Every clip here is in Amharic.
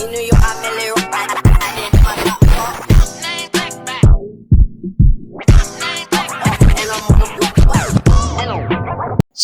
In New York, I barely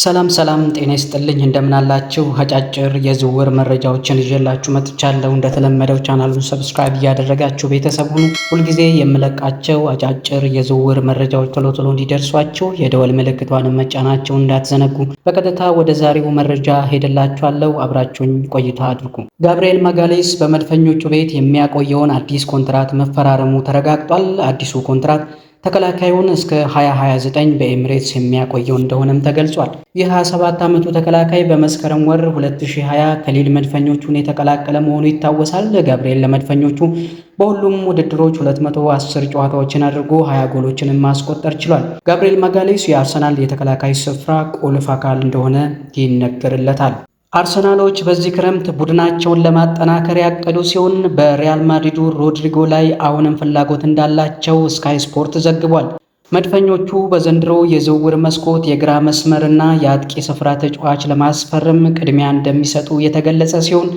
ሰላም ሰላም ጤና ይስጥልኝ እንደምን አላችሁ? አጫጭር የዝውውር መረጃዎችን ይዤላችሁ መጥቻለሁ። እንደተለመደው ቻናሉን ሰብስክራይብ እያደረጋችሁ ቤተሰብ ሁኑ። ሁልጊዜ የምለቃቸው አጫጭር የዝውውር መረጃዎች ቶሎ ቶሎ እንዲደርሷችሁ የደወል ምልክቷን መጫናቸው እንዳትዘነጉ። በቀጥታ ወደ ዛሬው መረጃ ሄደላችኋለሁ። አብራችሁኝ ቆይታ አድርጉ። ጋብርኤል መጋሌስ በመድፈኞቹ ቤት የሚያቆየውን አዲስ ኮንትራት መፈራረሙ ተረጋግጧል። አዲሱ ኮንትራት ተከላካዩን እስከ 2029 በኤምሬትስ የሚያቆየው እንደሆነም ተገልጿል። የ27 ዓመቱ ተከላካይ በመስከረም ወር 2020 ከሊል መድፈኞቹን የተቀላቀለ መሆኑ ይታወሳል። ገብርኤል ለመድፈኞቹ በሁሉም ውድድሮች 210 ጨዋታዎችን አድርጎ 20 ጎሎችንም ማስቆጠር ችሏል። ጋብሪኤል ማጋሌስ የአርሰናል የተከላካይ ስፍራ ቁልፍ አካል እንደሆነ ይነገርለታል። አርሰናሎች በዚህ ክረምት ቡድናቸውን ለማጠናከር ያቀዱ ሲሆን በሪያል ማድሪዱ ሮድሪጎ ላይ አሁንም ፍላጎት እንዳላቸው ስካይ ስፖርት ዘግቧል። መድፈኞቹ በዘንድሮ የዝውውር መስኮት የግራ መስመርና የአጥቂ ስፍራ ተጫዋች ለማስፈረም ቅድሚያ እንደሚሰጡ የተገለጸ ሲሆን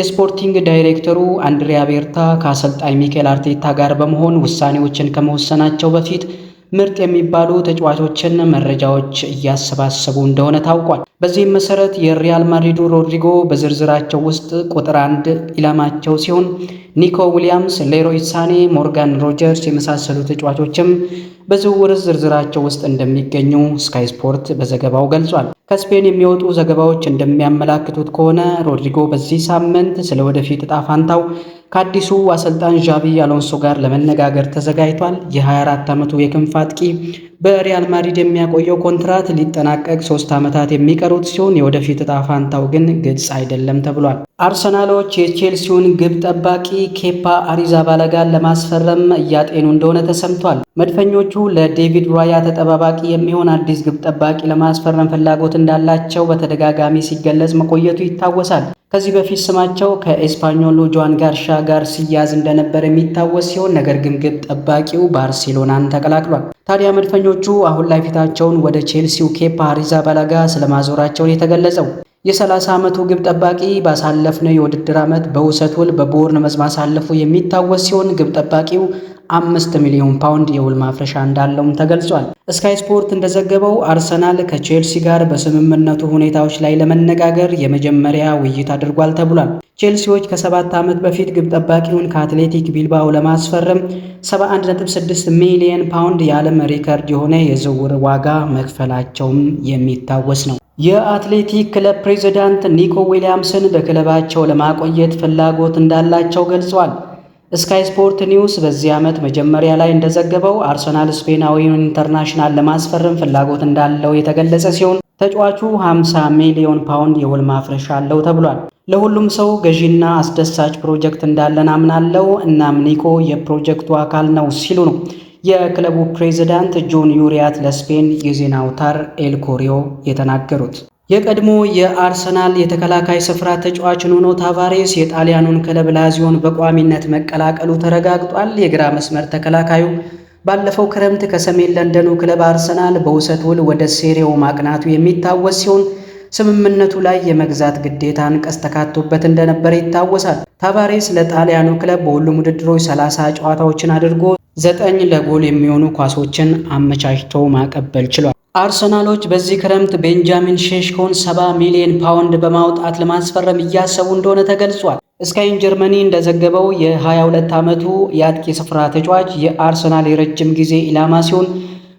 የስፖርቲንግ ዳይሬክተሩ አንድሪያ ቤርታ ከአሰልጣኝ ሚኬል አርቴታ ጋር በመሆን ውሳኔዎችን ከመወሰናቸው በፊት ምርጥ የሚባሉ ተጫዋቾችን መረጃዎች እያሰባሰቡ እንደሆነ ታውቋል። በዚህም መሰረት የሪያል ማድሪዱ ሮድሪጎ በዝርዝራቸው ውስጥ ቁጥር አንድ ኢላማቸው ሲሆን ኒኮ ዊሊያምስ፣ ሌሮይ ሳኔ፣ ሞርጋን ሮጀርስ የመሳሰሉ ተጫዋቾችም በዝውውር ዝርዝራቸው ውስጥ እንደሚገኙ ስካይ ስፖርት በዘገባው ገልጿል። ከስፔን የሚወጡ ዘገባዎች እንደሚያመላክቱት ከሆነ ሮድሪጎ በዚህ ሳምንት ስለ ወደፊት እጣ ከአዲሱ አሰልጣን ዣቪ አሎንሶ ጋር ለመነጋገር ተዘጋጅቷል። የ24 ዓመቱ የክንፍ አጥቂ በሪያል ማድሪድ የሚያቆየው ኮንትራት ሊጠናቀቅ ሶስት ዓመታት የሚቀሩት ሲሆን የወደፊት እጣ ፋንታው ግን ግልጽ አይደለም ተብሏል። አርሰናሎች የቼልሲውን ግብ ጠባቂ ኬፓ አሪዛባላጋን ለማስፈረም እያጤኑ እንደሆነ ተሰምቷል። መድፈኞቹ ለዴቪድ ራያ ተጠባባቂ የሚሆን አዲስ ግብ ጠባቂ ለማስፈረም ፍላጎት እንዳላቸው በተደጋጋሚ ሲገለጽ መቆየቱ ይታወሳል። ከዚህ በፊት ስማቸው ከኤስፓኞሎ ጆዋን ጋርሻ ጋር ሲያዝ እንደነበር የሚታወስ ሲሆን ነገር ግን ግብ ጠባቂው ባርሴሎናን ተቀላቅሏል። ታዲያ መድፈኞቹ አሁን ላይ ፊታቸውን ወደ ቼልሲው ኬፓ አሪዛባላጋ ስለማዞራቸውን የተገለጸው የ30 ዓመቱ ግብ ጠባቂ ባሳለፍነው የውድድር ዓመት በውሰት ውል በቦርን ማሳለፉ የሚታወስ ሲሆን ግብ ጠባቂው አምስት ሚሊዮን ፓውንድ የውል ማፍረሻ እንዳለውም ተገልጿል። ስካይ ስፖርት እንደዘገበው አርሰናል ከቼልሲ ጋር በስምምነቱ ሁኔታዎች ላይ ለመነጋገር የመጀመሪያ ውይይት አድርጓል ተብሏል። ቼልሲዎች ከሰባት ዓመት በፊት ግብ ጠባቂውን ከአትሌቲክ ቢልባኦ ለማስፈረም 71.6 ሚሊዮን ፓውንድ የዓለም ሪከርድ የሆነ የዝውውር ዋጋ መክፈላቸውም የሚታወስ ነው። የአትሌቲክ ክለብ ፕሬዚዳንት ኒኮ ዊሊያምስን በክለባቸው ለማቆየት ፍላጎት እንዳላቸው ገልጿል። ስካይ ስፖርት ኒውስ በዚህ ዓመት መጀመሪያ ላይ እንደዘገበው አርሰናል ስፔናዊውን ኢንተርናሽናል ለማስፈረም ፍላጎት እንዳለው የተገለጸ ሲሆን ተጫዋቹ 50 ሚሊዮን ፓውንድ የውል ማፍረሻ አለው ተብሏል። ለሁሉም ሰው ገዢና አስደሳች ፕሮጀክት እንዳለን አምናለው፣ እናም ኒኮ የፕሮጀክቱ አካል ነው ሲሉ ነው የክለቡ ፕሬዚዳንት ጆን ዩሪያት ለስፔን የዜና አውታር ኤልኮሪዮ የተናገሩት። የቀድሞ የአርሰናል የተከላካይ ስፍራ ተጫዋች ኑኖ ታቫሬስ የጣሊያኑን ክለብ ላዚዮን በቋሚነት መቀላቀሉ ተረጋግጧል። የግራ መስመር ተከላካዩ ባለፈው ክረምት ከሰሜን ለንደኑ ክለብ አርሰናል በውሰት ውል ወደ ሴሬው ማቅናቱ የሚታወስ ሲሆን ስምምነቱ ላይ የመግዛት ግዴታ አንቀጽ ተካቶበት እንደነበረ ይታወሳል። ታቫሬስ ለጣሊያኑ ክለብ በሁሉም ውድድሮች ሰላሳ ጨዋታዎችን አድርጎ ዘጠኝ ለጎል የሚሆኑ ኳሶችን አመቻችቶ ማቀበል ችሏል። አርሰናሎች በዚህ ክረምት ቤንጃሚን ሼሽኮን ሰ7 ሚሊዮን ፓውንድ በማውጣት ለማስፈረም እያሰቡ እንደሆነ ተገልጿል። ስካይን ጀርመኒ እንደዘገበው የ22 ዓመቱ የአጥቂ ስፍራ ተጫዋች የአርሰናል የረጅም ጊዜ ኢላማ ሲሆን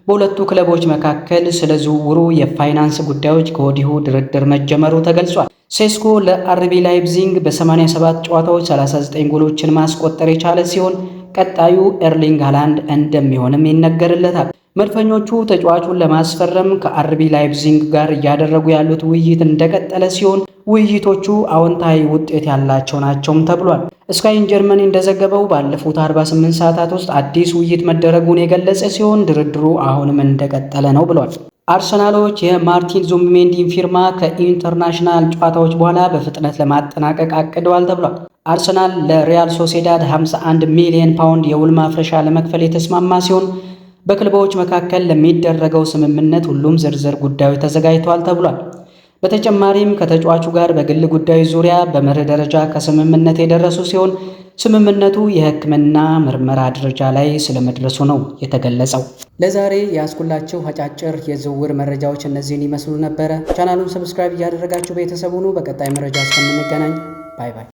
በሁለቱ ክለቦች መካከል ስለ ዝውውሩ የፋይናንስ ጉዳዮች ከወዲሁ ድርድር መጀመሩ ተገልጿል። ሴስኮ ለአርቢ ላይፕዚንግ በ87 ጨዋታዎች 39 ጎሎችን ማስቆጠር የቻለ ሲሆን ቀጣዩ ኤርሊንግ ሃላንድ እንደሚሆንም ይነገርለታል። መድፈኞቹ ተጫዋቹን ለማስፈረም ከአርቢ ላይፕዚንግ ጋር እያደረጉ ያሉት ውይይት እንደቀጠለ ሲሆን ውይይቶቹ አዎንታዊ ውጤት ያላቸው ናቸውም ተብሏል። ስካይን ጀርመኒ እንደዘገበው ባለፉት 48 ሰዓታት ውስጥ አዲስ ውይይት መደረጉን የገለጸ ሲሆን ድርድሩ አሁንም እንደቀጠለ ነው ብሏል። አርሰናሎች የማርቲን ዙቢሜንዲን ፊርማ ከኢንተርናሽናል ጨዋታዎች በኋላ በፍጥነት ለማጠናቀቅ አቅደዋል ተብሏል። አርሰናል ለሪያል ሶሴዳድ 51 ሚሊዮን ፓውንድ የውል ማፍረሻ ለመክፈል የተስማማ ሲሆን በክለቦች መካከል ለሚደረገው ስምምነት ሁሉም ዝርዝር ጉዳዮች ተዘጋጅተዋል ተብሏል። በተጨማሪም ከተጫዋቹ ጋር በግል ጉዳዩ ዙሪያ በመርህ ደረጃ ከስምምነት የደረሱ ሲሆን ስምምነቱ የሕክምና ምርመራ ደረጃ ላይ ስለመድረሱ ነው የተገለጸው። ለዛሬ ያስኩላችሁ አጫጭር የዝውውር መረጃዎች እነዚህን ይመስሉ ነበረ። ቻናሉን ሰብስክራይብ እያደረጋችሁ ቤተሰብ ሁኑ። በቀጣይ መረጃ እስከምንገናኝ ባይ ባይ።